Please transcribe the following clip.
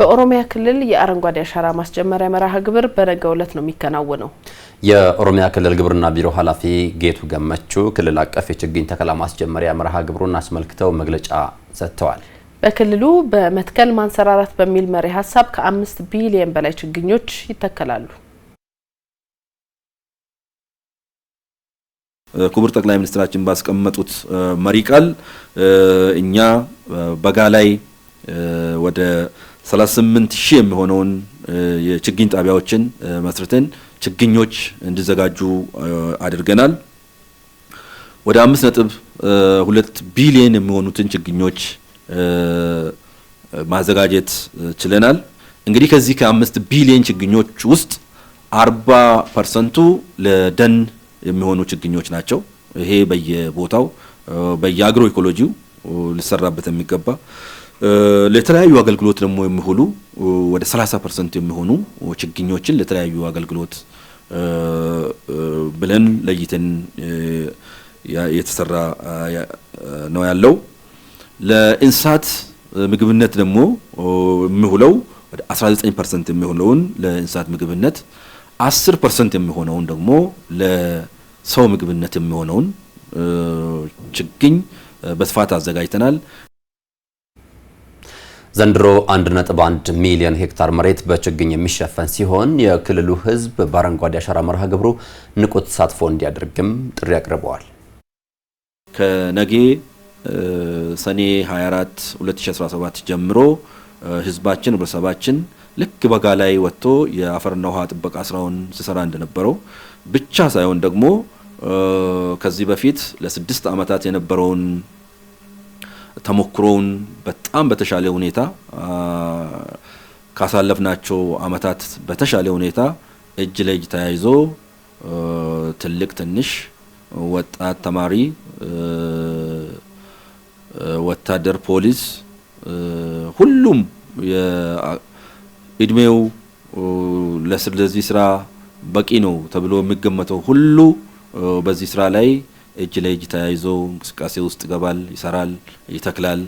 በኦሮሚያ ክልል የአረንጓዴ አሻራ ማስጀመሪያ መርሃ ግብር በነገው ዕለት ነው የሚከናወነው። የኦሮሚያ ክልል ግብርና ቢሮ ኃላፊ ጌቱ ገመቹ ክልል አቀፍ የችግኝ ተከላ ማስጀመሪያ መርሃ ግብሩን አስመልክተው መግለጫ ሰጥተዋል። በክልሉ በመትከል ማንሰራራት በሚል መሪ ሀሳብ ከአምስት ቢሊየን በላይ ችግኞች ይተከላሉ። ክቡር ጠቅላይ ሚኒስትራችን ባስቀመጡት መሪ ቃል እኛ በጋ ላይ ወደ 38 ሺህ የሚሆነውን የችግኝ ጣቢያዎችን መስርተን ችግኞች እንዲዘጋጁ አድርገናል። ወደ 5.2 ነጥብ ቢሊዮን የሚሆኑትን ችግኞች ማዘጋጀት ችለናል። እንግዲህ ከዚህ ከአምስት ቢሊዮን ችግኞች ውስጥ 40 ፐርሰንቱ ለደን የሚሆኑ ችግኞች ናቸው። ይሄ በየቦታው በየአግሮ ኢኮሎጂው ሊሰራበት የሚገባ ለተለያዩ አገልግሎት ደግሞ የሚሆኑ ወደ 30 ፐርሰንት የሚሆኑ ችግኞችን ለተለያዩ አገልግሎት ብለን ለይተን የተሰራ ነው ያለው። ለእንስሳት ምግብነት ደግሞ የሚውለው ወደ 19 ፐርሰንት የሚሆነውን ለእንስሳት ምግብነት፣ 10 ፐርሰንት የሚሆነውን ደግሞ ለሰው ምግብነት የሚሆነውን ችግኝ በስፋት አዘጋጅተናል። ዘንድሮ 1.1 ሚሊዮን ሄክታር መሬት በችግኝ የሚሸፈን ሲሆን የክልሉ ሕዝብ በአረንጓዴ አሻራ መርሃ ግብሩ ንቁ ተሳትፎ እንዲያደርግም ጥሪ አቅርበዋል። ከነጌ ሰኔ 24 2017 ጀምሮ ሕዝባችን ህብረተሰባችን ልክ በጋ ላይ ወጥቶ የአፈርና ውሃ ጥበቃ ስራውን ሲሰራ እንደነበረው ብቻ ሳይሆን ደግሞ ከዚህ በፊት ለስድስት ዓመታት የነበረውን ተሞክሮውን በጣም በተሻለ ሁኔታ ካሳለፍናቸው አመታት በተሻለ ሁኔታ እጅ ለእጅ ተያይዞ ትልቅ ትንሽ፣ ወጣት፣ ተማሪ፣ ወታደር፣ ፖሊስ ሁሉም እድሜው ለዚህ ስራ በቂ ነው ተብሎ የሚገመተው ሁሉ በዚህ ስራ ላይ እጅ ለእጅ ተያይዞ እንቅስቃሴ ውስጥ ይገባል፣ ይሰራል፣ ይተክላል።